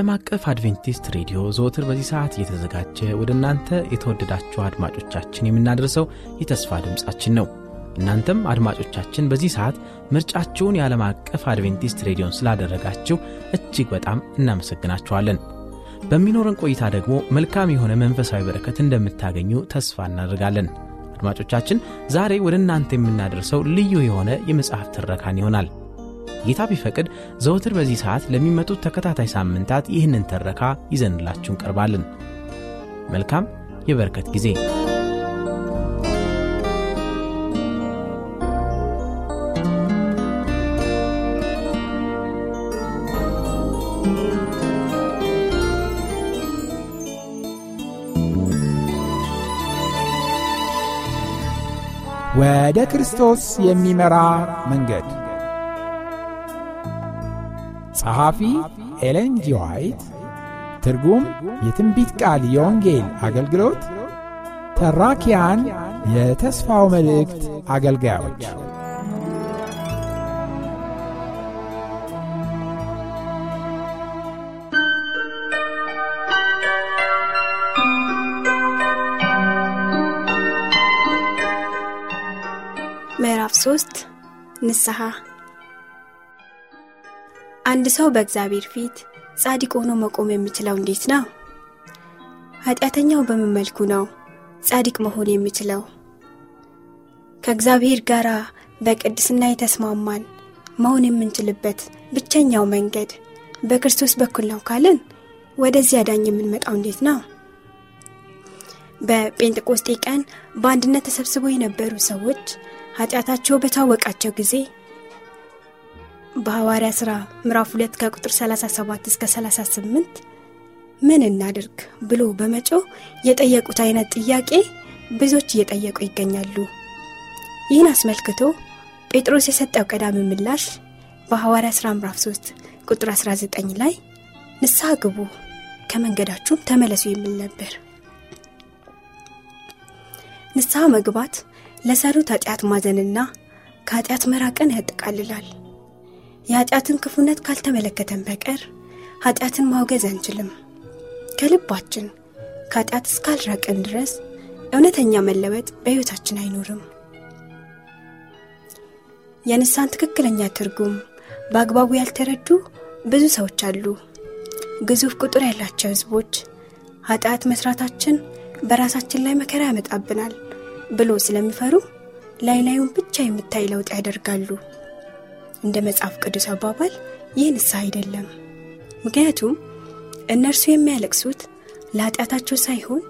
ዓለም አቀፍ አድቬንቲስት ሬዲዮ ዘወትር በዚህ ሰዓት እየተዘጋጀ ወደ እናንተ የተወደዳችሁ አድማጮቻችን የምናደርሰው የተስፋ ድምፃችን ነው። እናንተም አድማጮቻችን በዚህ ሰዓት ምርጫችሁን የዓለም አቀፍ አድቬንቲስት ሬዲዮን ስላደረጋችሁ እጅግ በጣም እናመሰግናችኋለን። በሚኖረን ቆይታ ደግሞ መልካም የሆነ መንፈሳዊ በረከት እንደምታገኙ ተስፋ እናደርጋለን። አድማጮቻችን ዛሬ ወደ እናንተ የምናደርሰው ልዩ የሆነ የመጽሐፍ ትረካን ይሆናል። ጌታ ቢፈቅድ ዘወትር በዚህ ሰዓት ለሚመጡት ተከታታይ ሳምንታት ይህንን ተረካ ይዘንላችሁ እንቀርባለን። መልካም የበረከት ጊዜ ወደ ክርስቶስ የሚመራ መንገድ ጸሐፊ ኤለን ትርጉም የትንቢት ቃል የወንጌል አገልግሎት፣ ተራኪያን የተስፋው መልእክት አገልጋዮች ምዕራፍ 3 ንስሐ አንድ ሰው በእግዚአብሔር ፊት ጻድቅ ሆኖ መቆም የሚችለው እንዴት ነው? ኃጢአተኛው በምን መልኩ ነው ጻድቅ መሆን የሚችለው? ከእግዚአብሔር ጋር በቅድስና የተስማማን መሆን የምንችልበት ብቸኛው መንገድ በክርስቶስ በኩል ነው ካልን ወደዚህ አዳኝ የምንመጣው እንዴት ነው? በጴንጥቆስጤ ቀን በአንድነት ተሰብስበው የነበሩ ሰዎች ኃጢአታቸው በታወቃቸው ጊዜ በሐዋርያ ሥራ ምዕራፍ 2 ከቁጥር 37 እስከ 38 ምን እናድርግ ብሎ በመጮ የጠየቁት አይነት ጥያቄ ብዙዎች እየጠየቁ ይገኛሉ ይህን አስመልክቶ ጴጥሮስ የሰጠው ቀዳሚ ምላሽ በሐዋርያ ሥራ ምዕራፍ 3 ቁጥር 19 ላይ ንስሐ ግቡ ከመንገዳችሁም ተመለሱ የሚል ነበር ንስሐ መግባት ለሰሩት ኃጢአት ማዘንና ከኃጢአት መራቀን ያጠቃልላል የኃጢአትን ክፉነት ካልተመለከተን በቀር ኃጢአትን ማውገዝ አንችልም። ከልባችን ከኃጢአት እስካልራቀን ድረስ እውነተኛ መለወጥ በሕይወታችን አይኖርም። የንሳን ትክክለኛ ትርጉም በአግባቡ ያልተረዱ ብዙ ሰዎች አሉ። ግዙፍ ቁጥር ያላቸው ህዝቦች ኃጢአት መስራታችን በራሳችን ላይ መከራ ያመጣብናል ብሎ ስለሚፈሩ ላይ ላዩን ብቻ የምታይ ለውጥ ያደርጋሉ። እንደ መጽሐፍ ቅዱስ አባባል ይህ ንስሐ አይደለም። ምክንያቱም እነርሱ የሚያለቅሱት ለኃጢአታቸው ሳይሆን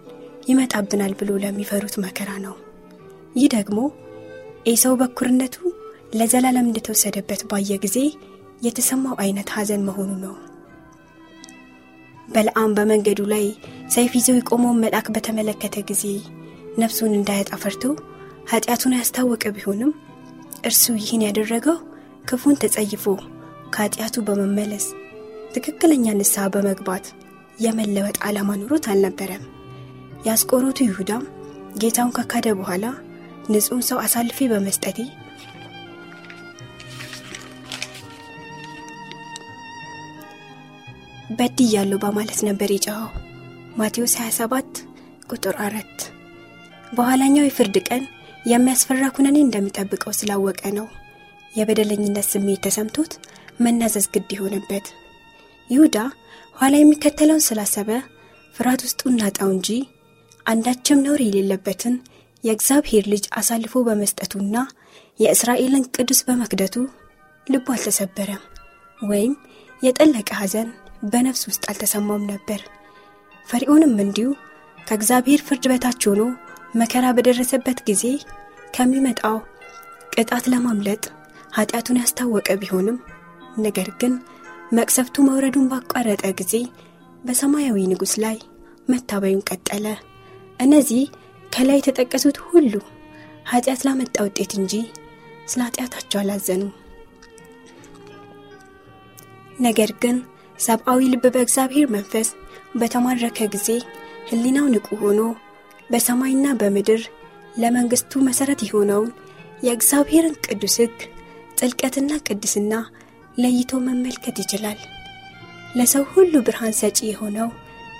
ይመጣብናል ብሎ ለሚፈሩት መከራ ነው። ይህ ደግሞ ኤሳው በኩርነቱ ለዘላለም እንደተወሰደበት ባየ ጊዜ የተሰማው አይነት ሐዘን መሆኑ ነው። በለአም በመንገዱ ላይ ሰይፍ ይዘው የቆመውን መልአክ በተመለከተ ጊዜ ነፍሱን እንዳያጣፈርቶ ኃጢአቱን ያስታወቀ ቢሆንም እርሱ ይህን ያደረገው ክፉን ተጸይፎ ከኃጢአቱ በመመለስ ትክክለኛ ንስሐ በመግባት የመለወጥ ዓላማ ኑሮት አልነበረም። የአስቆሮቱ ይሁዳም ጌታውን ከካደ በኋላ ንጹሕን ሰው አሳልፌ በመስጠቴ በድያለሁ በማለት ነበር የጮኸው። ማቴዎስ 27 ቁጥር 4 በኋላኛው የፍርድ ቀን የሚያስፈራ ኩነኔ እንደሚጠብቀው ስላወቀ ነው። የበደለኝነት ስሜት ተሰምቶት መናዘዝ ግድ የሆነበት ይሁዳ ኋላ የሚከተለውን ስላሰበ ፍርሃት ውስጡን ናጣው እንጂ አንዳችም ነውር የሌለበትን የእግዚአብሔር ልጅ አሳልፎ በመስጠቱና የእስራኤልን ቅዱስ በመክደቱ ልቡ አልተሰበረም ወይም የጠለቀ ሐዘን በነፍስ ውስጥ አልተሰማውም ነበር። ፈሪዖንም እንዲሁ ከእግዚአብሔር ፍርድ በታች ሆኖ መከራ በደረሰበት ጊዜ ከሚመጣው ቅጣት ለማምለጥ ኃጢአቱን ያስታወቀ ቢሆንም ነገር ግን መቅሰፍቱ መውረዱን ባቋረጠ ጊዜ በሰማያዊ ንጉሥ ላይ መታበዩን ቀጠለ። እነዚህ ከላይ የተጠቀሱት ሁሉ ኃጢአት ላመጣ ውጤት እንጂ ስለ ኃጢአታቸው አላዘኑም። ነገር ግን ሰብአዊ ልብ በእግዚአብሔር መንፈስ በተማረከ ጊዜ ህሊናው ንቁ ሆኖ በሰማይና በምድር ለመንግሥቱ መሠረት የሆነውን የእግዚአብሔርን ቅዱስ ሕግ ጥልቀትና ቅድስና ለይቶ መመልከት ይችላል። ለሰው ሁሉ ብርሃን ሰጪ የሆነው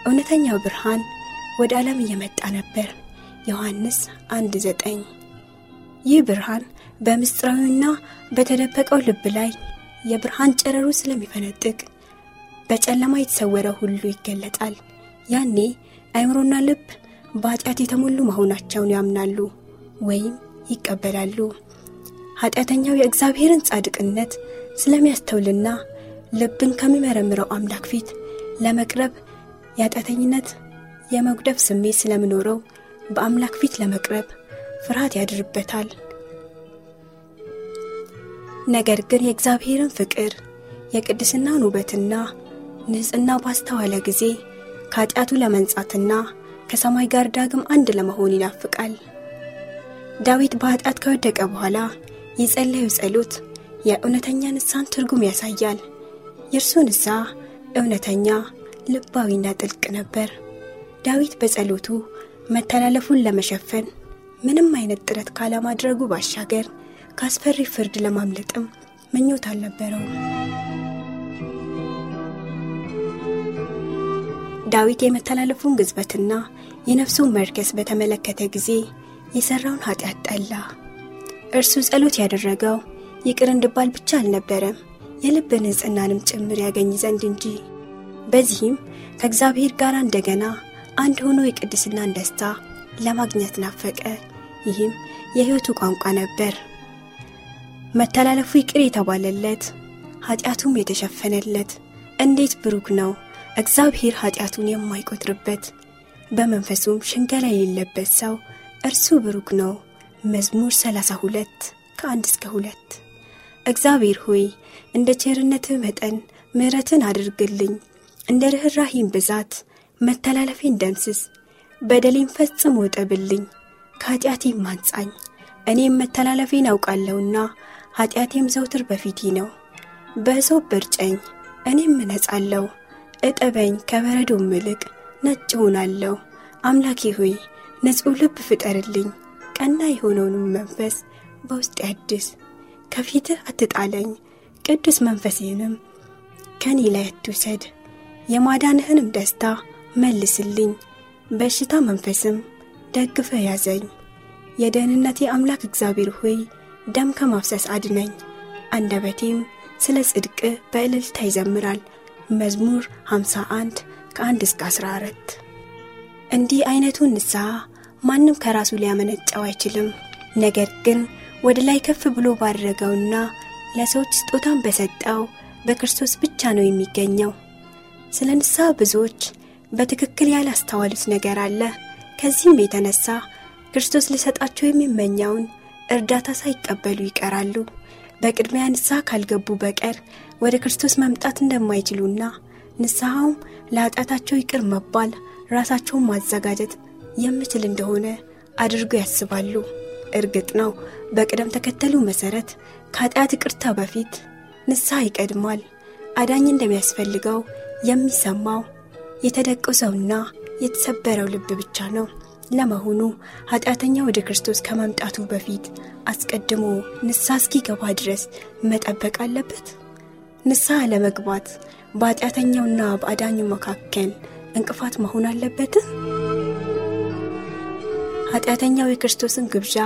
እውነተኛው ብርሃን ወደ ዓለም እየመጣ ነበር። ዮሐንስ 1:9 ይህ ብርሃን በምስጥራዊና በተደበቀው ልብ ላይ የብርሃን ጨረሩ ስለሚፈነጥቅ በጨለማ የተሰወረ ሁሉ ይገለጣል። ያኔ አይምሮና ልብ በኃጢአት የተሞሉ መሆናቸውን ያምናሉ ወይም ይቀበላሉ። ኃጢአተኛው የእግዚአብሔርን ጻድቅነት ስለሚያስተውልና ልብን ከሚመረምረው አምላክ ፊት ለመቅረብ የኃጢአተኝነት የመጉደፍ ስሜት ስለምኖረው በአምላክ ፊት ለመቅረብ ፍርሃት ያድርበታል። ነገር ግን የእግዚአብሔርን ፍቅር፣ የቅድስናን ውበትና ንጽና ባስተዋለ ጊዜ ከኃጢአቱ ለመንጻትና ከሰማይ ጋር ዳግም አንድ ለመሆን ይናፍቃል። ዳዊት በኃጢአት ከወደቀ በኋላ የጸለዩ ጸሎት የእውነተኛ ንሳን ትርጉም ያሳያል። የእርሱ ንሳ እውነተኛ፣ ልባዊና ጥልቅ ነበር። ዳዊት በጸሎቱ መተላለፉን ለመሸፈን ምንም አይነት ጥረት ካለማድረጉ ባሻገር ከአስፈሪ ፍርድ ለማምለጥም ምኞት አልነበረው። ዳዊት የመተላለፉን ግዝበትና የነፍሱን መርከስ በተመለከተ ጊዜ የሠራውን ኃጢአት ጠላ። እርሱ ጸሎት ያደረገው ይቅር እንድባል ብቻ አልነበረም፣ የልብ ንጽሕናንም ጭምር ያገኝ ዘንድ እንጂ። በዚህም ከእግዚአብሔር ጋር እንደገና አንድ ሆኖ የቅድስናን ደስታ ለማግኘት ናፈቀ። ይህም የሕይወቱ ቋንቋ ነበር። መተላለፉ ይቅር የተባለለት ኀጢአቱም የተሸፈነለት እንዴት ብሩክ ነው! እግዚአብሔር ኀጢአቱን የማይቆጥርበት በመንፈሱም ሽንገላ የሌለበት ሰው እርሱ ብሩክ ነው። መዝሙር 32 ከአንድ እስከ ሁለት እግዚአብሔር ሆይ እንደ ቸርነትህ መጠን ምሕረትን አድርግልኝ፣ እንደ ርኅራሂም ብዛት መተላለፌን ደምስስ፣ በደሌም ፈጽም ወጠብልኝ ከኀጢአቴም አንጻኝ። እኔም መተላለፌን አውቃለሁና ኀጢአቴም ዘውትር በፊቴ ነው። በሰው ብርጨኝ እኔም እነጻለሁ፣ እጠበኝ፣ ከበረዶም ምልቅ ነጭ ሆናለሁ አምላኬ ሆይ ንጹሕ ልብ ፍጠርልኝ ቀና የሆነውንም መንፈስ በውስጥ አድስ፣ ከፊትህ አትጣለኝ፣ ቅዱስ መንፈሴንም ከኔ ላይ አትውሰድ። የማዳንህንም ደስታ መልስልኝ፣ በሽታ መንፈስም ደግፈ ያዘኝ። የደህንነቴ አምላክ እግዚአብሔር ሆይ ደም ከማፍሰስ አድነኝ። አንደበቴም ስለ ጽድቅ በእልልታ ይዘምራል። መዝሙር 51 ከ1 እስከ 14 እንዲህ አይነቱን ንስሐ ማንም ከራሱ ሊያመነጫው አይችልም። ነገር ግን ወደ ላይ ከፍ ብሎ ባደረገውና ለሰዎች ስጦታን በሰጠው በክርስቶስ ብቻ ነው የሚገኘው። ስለ ንሳ ብዙዎች በትክክል ያላስተዋሉት ነገር አለ። ከዚህም የተነሳ ክርስቶስ ሊሰጣቸው የሚመኘውን እርዳታ ሳይቀበሉ ይቀራሉ። በቅድሚያ ንስሐ ካልገቡ በቀር ወደ ክርስቶስ መምጣት እንደማይችሉና ንስሐውም ለኃጢአታቸው ይቅር መባል ራሳቸውን ማዘጋጀት የምትል እንደሆነ አድርጎ ያስባሉ። እርግጥ ነው በቅደም ተከተሉ መሰረት ከኃጢአት ይቅርታ በፊት ንስሐ ይቀድማል። አዳኝ እንደሚያስፈልገው የሚሰማው የተደቀሰውና የተሰበረው ልብ ብቻ ነው። ለመሆኑ ኃጢአተኛ ወደ ክርስቶስ ከመምጣቱ በፊት አስቀድሞ ንስሐ እስኪገባ ድረስ መጠበቅ አለበት? ንስሐ ለመግባት በኃጢአተኛውና በአዳኙ መካከል እንቅፋት መሆን አለበት? ኃጢአተኛው የክርስቶስን ግብዣ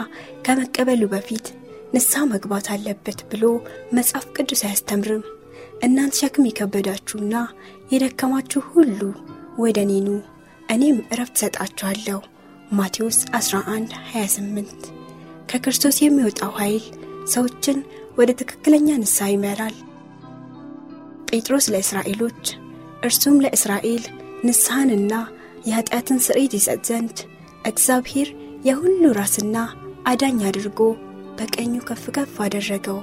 ከመቀበሉ በፊት ንሳ መግባት አለበት ብሎ መጽሐፍ ቅዱስ አያስተምርም። እናንት ሸክም የከበዳችሁና የደከማችሁ ሁሉ ወደ እኔኑ እኔም እረፍት ሰጣችኋለሁ። ማቴዎስ 11 28 ከክርስቶስ የሚወጣው ኃይል ሰዎችን ወደ ትክክለኛ ንሳ ይመራል። ጴጥሮስ ለእስራኤሎች እርሱም ለእስራኤል ንስሐንና የኃጢአትን ስርየት ይሰጥ ዘንድ እግዚአብሔር የሁሉ ራስና አዳኝ አድርጎ በቀኙ ከፍ ከፍ አደረገው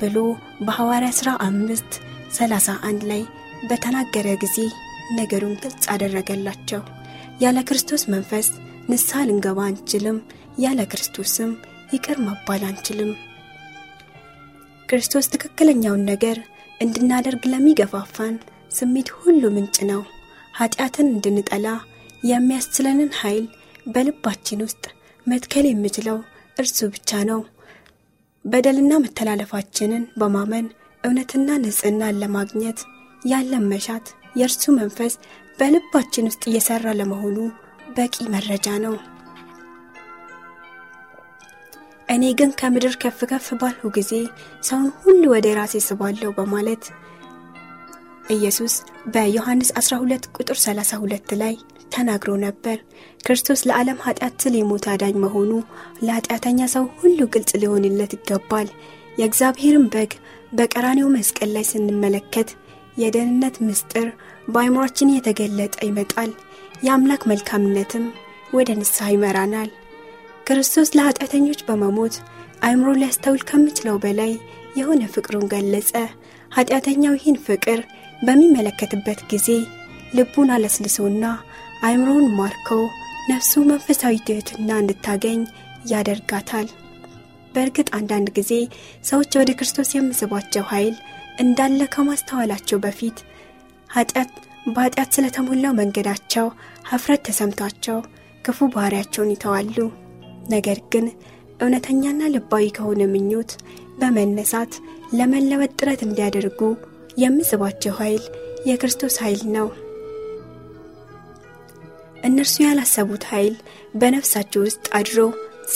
ብሎ በሐዋርያ ሥራ አምስት ሰላሳ አንድ ላይ በተናገረ ጊዜ ነገሩን ግልጽ አደረገላቸው። ያለ ክርስቶስ መንፈስ ንሳ ልንገባ አንችልም፣ ያለ ክርስቶስም ይቅር መባል አንችልም። ክርስቶስ ትክክለኛውን ነገር እንድናደርግ ለሚገፋፋን ስሜት ሁሉ ምንጭ ነው። ኀጢአትን እንድንጠላ የሚያስችለንን ኃይል በልባችን ውስጥ መትከል የምችለው እርሱ ብቻ ነው። በደልና መተላለፋችንን በማመን እውነትና ንጽህናን ለማግኘት ያለን መሻት የእርሱ መንፈስ በልባችን ውስጥ እየሰራ ለመሆኑ በቂ መረጃ ነው። እኔ ግን ከምድር ከፍ ከፍ ባልሁ ጊዜ ሰውን ሁሉ ወደ ራሴ ስባለሁ በማለት ኢየሱስ በዮሐንስ 12 ቁጥር 32 ላይ ተናግሮ ነበር። ክርስቶስ ለዓለም ኃጢአት ትል የሞት አዳኝ መሆኑ ለኃጢአተኛ ሰው ሁሉ ግልጽ ሊሆንለት ይገባል። የእግዚአብሔርን በግ በቀራኔው መስቀል ላይ ስንመለከት የደህንነት ምስጢር በአይምሯችን የተገለጠ ይመጣል። የአምላክ መልካምነትም ወደ ንስሐ ይመራናል። ክርስቶስ ለኃጢአተኞች በመሞት አይምሮ ሊያስተውል ከምችለው በላይ የሆነ ፍቅሩን ገለጸ። ኃጢአተኛው ይህን ፍቅር በሚመለከትበት ጊዜ ልቡን አለስልሶና አእምሮን ማርኮ ነፍሱ መንፈሳዊ ትሕትና እንድታገኝ ያደርጋታል። በእርግጥ አንዳንድ ጊዜ ሰዎች ወደ ክርስቶስ የምስቧቸው ኃይል እንዳለ ከማስተዋላቸው በፊት ኃጢአት በኃጢአት ስለተሞላው መንገዳቸው ሀፍረት ተሰምቷቸው ክፉ ባህሪያቸውን ይተዋሉ። ነገር ግን እውነተኛና ልባዊ ከሆነ ምኞት በመነሳት ለመለወጥ ጥረት እንዲያደርጉ የምስባቸው ኃይል የክርስቶስ ኃይል ነው። እነርሱ ያላሰቡት ኃይል በነፍሳቸው ውስጥ አድሮ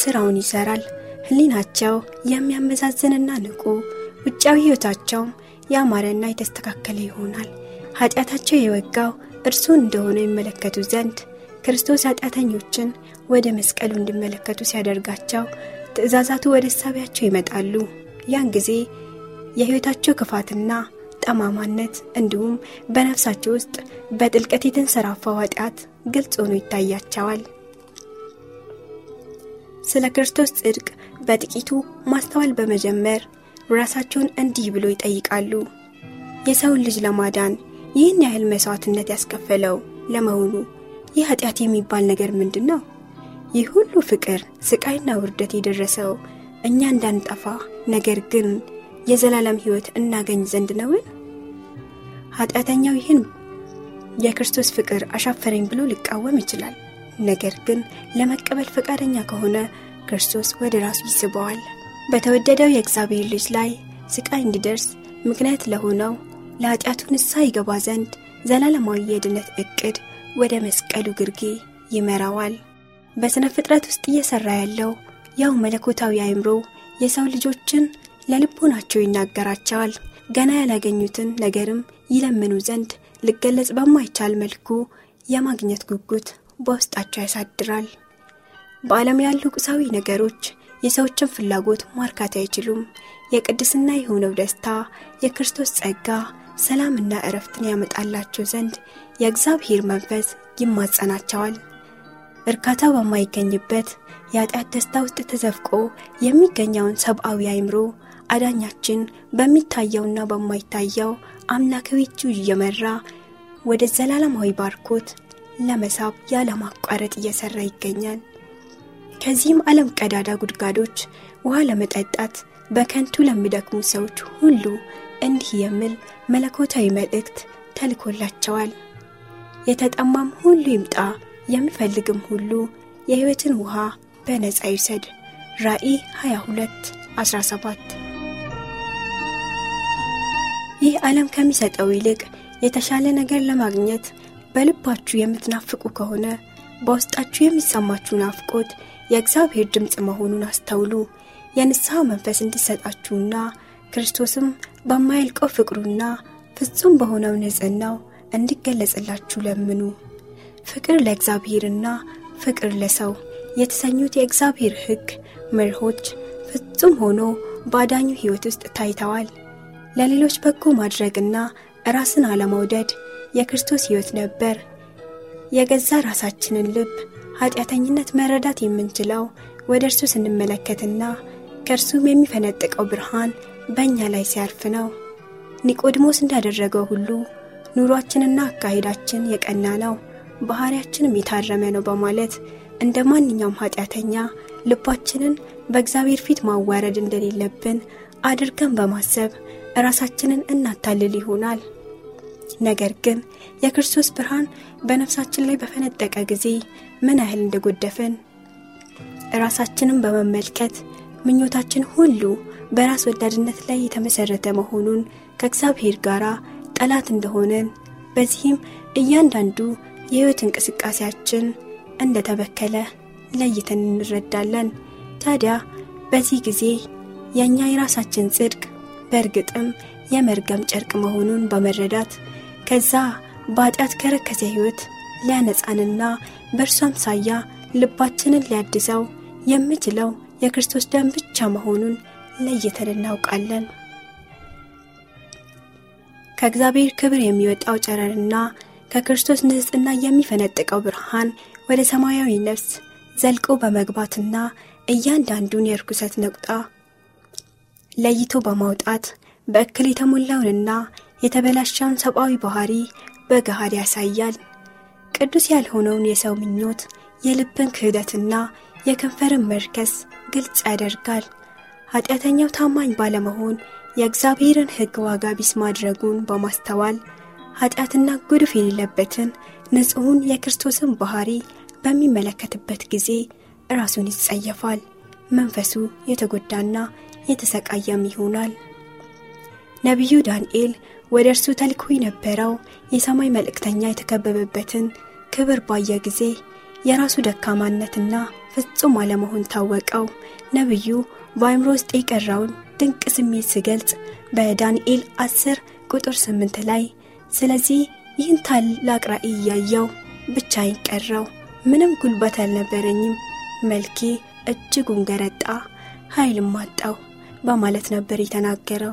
ሥራውን ይሠራል። ሕሊናቸው የሚያመዛዝንና ንቁ፣ ውጫዊ ሕይወታቸውም ያማረና የተስተካከለ ይሆናል። ኀጢአታቸው የወጋው እርሱ እንደሆነ ይመለከቱ ዘንድ ክርስቶስ ኀጢአተኞችን ወደ መስቀሉ እንዲመለከቱ ሲያደርጋቸው ትእዛዛቱ ወደ ሳቢያቸው ይመጣሉ። ያን ጊዜ የሕይወታቸው ክፋትና ጠማማነት እንዲሁም በነፍሳቸው ውስጥ በጥልቀት የተንሰራፋው ኃጢአት ግልጽ ሆኖ ይታያቸዋል። ስለ ክርስቶስ ጽድቅ በጥቂቱ ማስተዋል በመጀመር ራሳቸውን እንዲህ ብሎ ይጠይቃሉ። የሰውን ልጅ ለማዳን ይህን ያህል መሥዋዕትነት ያስከፈለው ለመሆኑ ይህ ኃጢአት የሚባል ነገር ምንድን ነው? ይህ ሁሉ ፍቅር፣ ስቃይና ውርደት የደረሰው እኛ እንዳንጠፋ ነገር ግን የዘላለም ሕይወት እናገኝ ዘንድ ነውን? ኃጢአተኛው ይህን የክርስቶስ ፍቅር አሻፈረኝ ብሎ ሊቃወም ይችላል። ነገር ግን ለመቀበል ፈቃደኛ ከሆነ ክርስቶስ ወደ ራሱ ይስበዋል። በተወደደው የእግዚአብሔር ልጅ ላይ ስቃይ እንዲደርስ ምክንያት ለሆነው ለኃጢአቱ ንሳ ይገባ ዘንድ ዘላለማዊ የድነት እቅድ ወደ መስቀሉ ግርጌ ይመራዋል። በሥነ ፍጥረት ውስጥ እየሠራ ያለው ያው መለኮታዊ አእምሮ የሰው ልጆችን ለልቦናቸው ይናገራቸዋል። ገና ያላገኙትን ነገርም ይለምኑ ዘንድ ልገለጽ በማይቻል መልኩ የማግኘት ጉጉት በውስጣቸው ያሳድራል። በዓለም ያሉ ቁሳዊ ነገሮች የሰዎችን ፍላጎት ማርካት አይችሉም። የቅድስና የሆነው ደስታ የክርስቶስ ጸጋ ሰላምና እረፍትን ያመጣላቸው ዘንድ የእግዚአብሔር መንፈስ ይማጸናቸዋል። እርካታ በማይገኝበት የኃጢአት ደስታ ውስጥ ተዘፍቆ የሚገኘውን ሰብአዊ አይምሮ አዳኛችን በሚታየውና በማይታየው አምላካዊ እጁ እየመራ ወደ ዘላለማዊ ባርኮት ለመሳብ ያለማቋረጥ እየሰራ ይገኛል። ከዚህም ዓለም ቀዳዳ ጉድጓዶች ውሃ ለመጠጣት በከንቱ ለሚደክሙ ሰዎች ሁሉ እንዲህ የሚል መለኮታዊ መልእክት ተልኮላቸዋል። የተጠማም ሁሉ ይምጣ፣ የሚፈልግም ሁሉ የሕይወትን ውሃ በነፃ ይውሰድ። ራእይ 22 17 ይህ ዓለም ከሚሰጠው ይልቅ የተሻለ ነገር ለማግኘት በልባችሁ የምትናፍቁ ከሆነ በውስጣችሁ የሚሰማችሁ ናፍቆት የእግዚአብሔር ድምፅ መሆኑን አስተውሉ። የንስሐ መንፈስ እንዲሰጣችሁና ክርስቶስም በማይልቀው ፍቅሩና ፍጹም በሆነው ንጽህናው እንዲገለጽላችሁ ለምኑ። ፍቅር ለእግዚአብሔርና ፍቅር ለሰው የተሰኙት የእግዚአብሔር ሕግ መርሆች ፍጹም ሆኖ በአዳኙ ሕይወት ውስጥ ታይተዋል። ለሌሎች በጎ ማድረግና ራስን አለመውደድ የክርስቶስ ሕይወት ነበር። የገዛ ራሳችንን ልብ ኃጢአተኝነት መረዳት የምንችለው ወደ እርሱ ስንመለከትና ከእርሱም የሚፈነጥቀው ብርሃን በእኛ ላይ ሲያርፍ ነው። ኒቆድሞስ እንዳደረገው ሁሉ ኑሯችንና አካሄዳችን የቀና ነው፣ ባህሪያችንም የታረመ ነው በማለት እንደ ማንኛውም ኃጢአተኛ ልባችንን በእግዚአብሔር ፊት ማዋረድ እንደሌለብን አድርገን በማሰብ ራሳችንን እናታልል ይሆናል። ነገር ግን የክርስቶስ ብርሃን በነፍሳችን ላይ በፈነጠቀ ጊዜ ምን ያህል እንደጎደፍን ራሳችንን በመመልከት ምኞታችን ሁሉ በራስ ወዳድነት ላይ የተመሰረተ መሆኑን ከእግዚአብሔር ጋር ጠላት እንደሆነን በዚህም እያንዳንዱ የሕይወት እንቅስቃሴያችን እንደተበከለ ለይተን እንረዳለን። ታዲያ በዚህ ጊዜ የእኛ የራሳችን ጽድቅ በእርግጥም የመርገም ጨርቅ መሆኑን በመረዳት ከዛ በኃጢአት ከረከሰ ሕይወት ሊያነጻንና በእርሷም ሳያ ልባችንን ሊያድሰው የምችለው የክርስቶስ ደም ብቻ መሆኑን ለይተን እናውቃለን። ከእግዚአብሔር ክብር የሚወጣው ጨረርና ከክርስቶስ ንጽሕና የሚፈነጥቀው ብርሃን ወደ ሰማያዊ ነፍስ ዘልቆ በመግባትና እያንዳንዱን የርኩሰት ነቁጣ ለይቶ በማውጣት በእክል የተሞላውንና የተበላሸውን ሰብአዊ ባህሪ በገሃድ ያሳያል። ቅዱስ ያልሆነውን የሰው ምኞት፣ የልብን ክህደትና የከንፈርን መርከስ ግልጽ ያደርጋል። ኃጢአተኛው ታማኝ ባለመሆን የእግዚአብሔርን ሕግ ዋጋ ቢስ ማድረጉን በማስተዋል ኃጢአትና ጉድፍ የሌለበትን ንጹሑን የክርስቶስን ባህሪ በሚመለከትበት ጊዜ ራሱን ይጸየፋል። መንፈሱ የተጎዳና የተሰቃየም ይሆናል። ነቢዩ ዳንኤል ወደ እርሱ ተልኮ የነበረው የሰማይ መልእክተኛ የተከበበበትን ክብር ባየ ጊዜ የራሱ ደካማነትና ፍጹም አለመሆን ታወቀው። ነቢዩ በአእምሮ ውስጥ የቀረውን ድንቅ ስሜት ሲገልጽ በዳንኤል 10 ቁጥር 8 ላይ ስለዚህ ይህን ታላቅ ራእይ እያየው ብቻ ይቀረው ምንም ጉልበት አልነበረኝም፣ መልኬ እጅጉን ገረጣ፣ ኃይልም አጣው በማለት ነበር የተናገረው።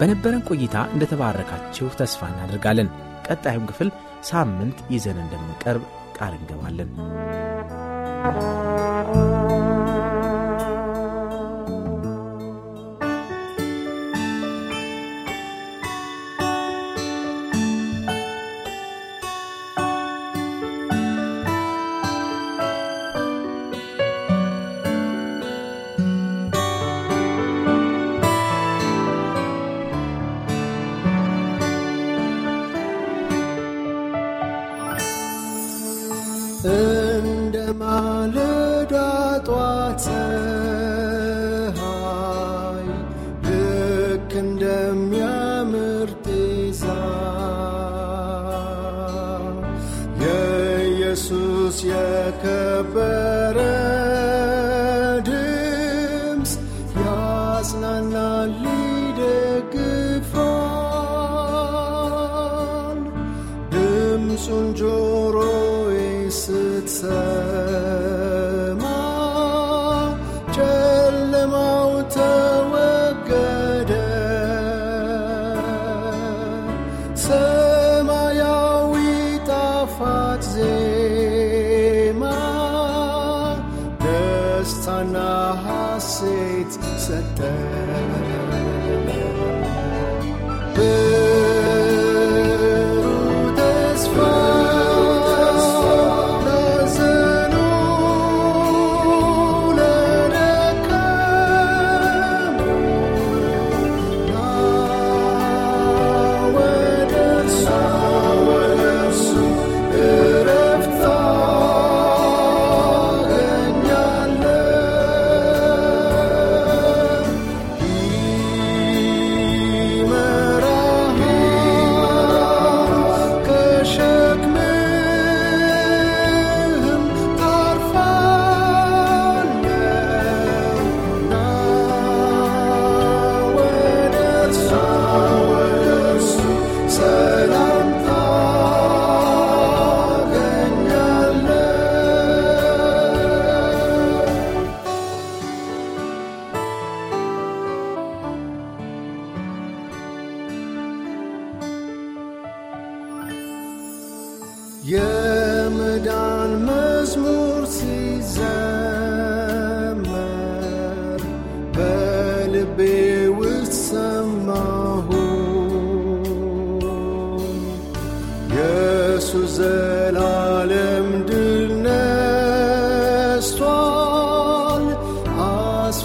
በነበረን ቆይታ እንደተባረካችሁ ተስፋ እናደርጋለን። ቀጣዩን ክፍል ሳምንት ይዘን እንደምንቀርብ ቃል እንገባለን። 是彩。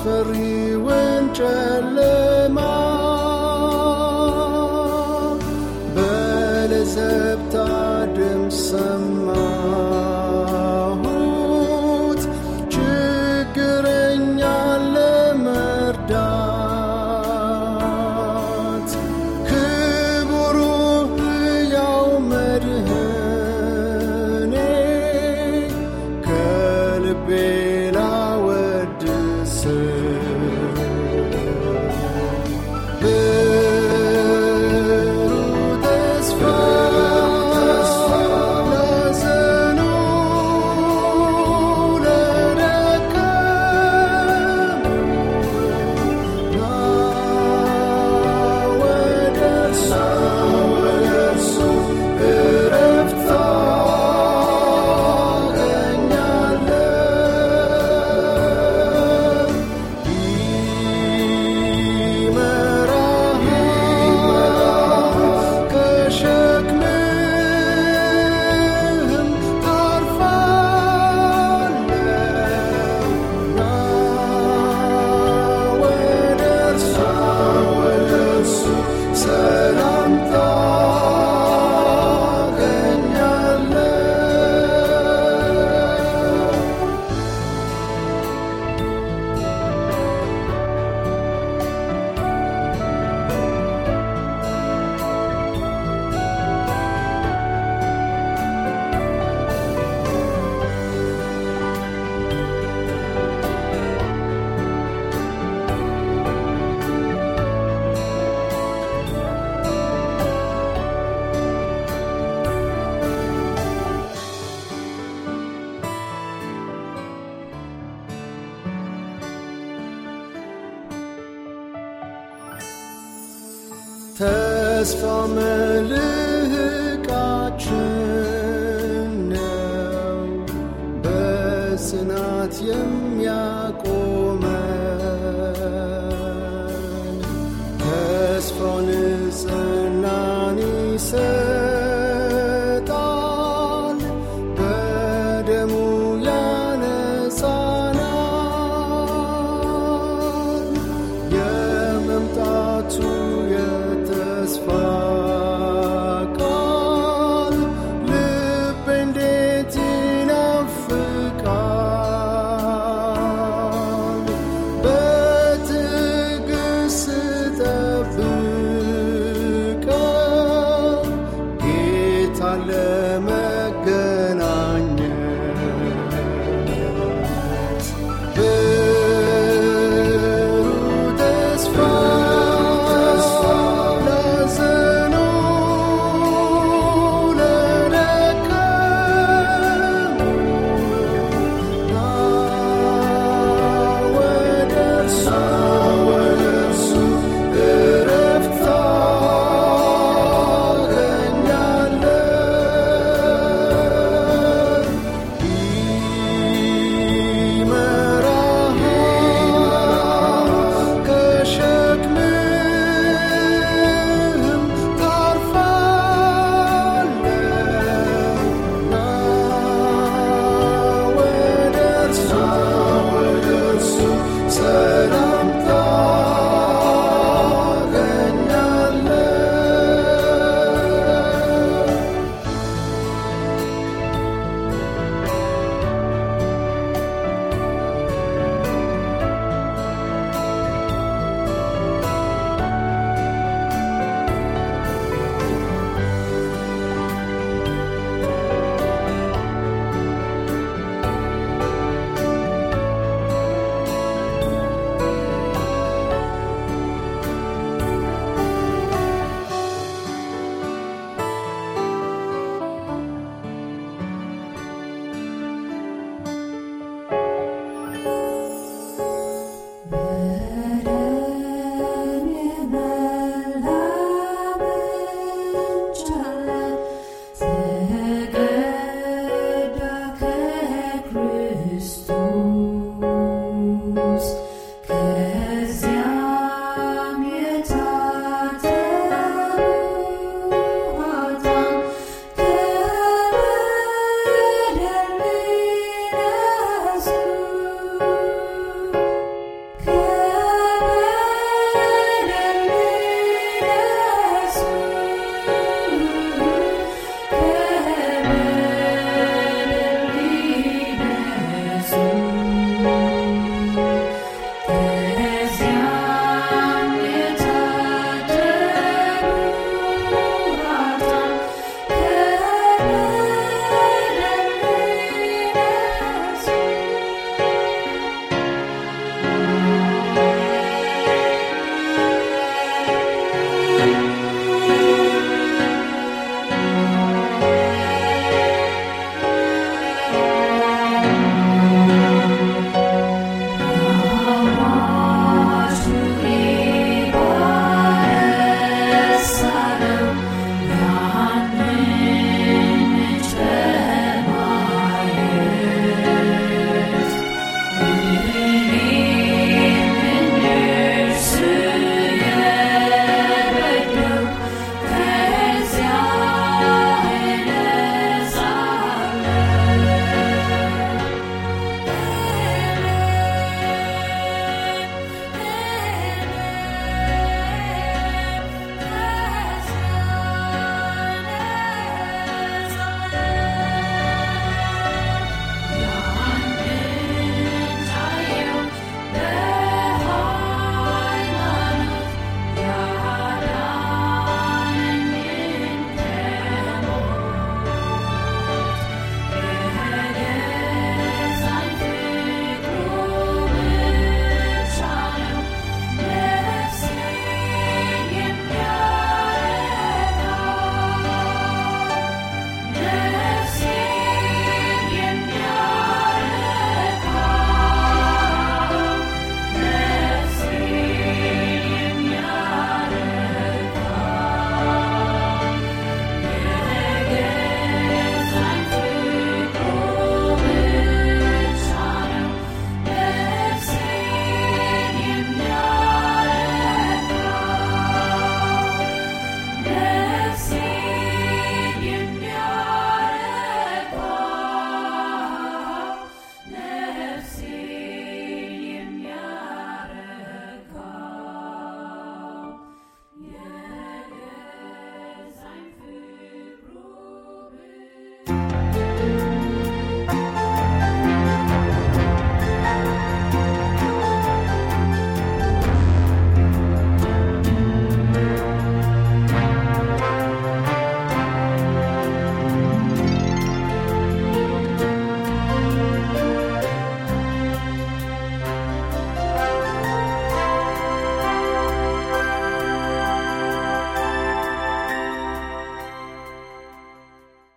ferry went to kesmez fameli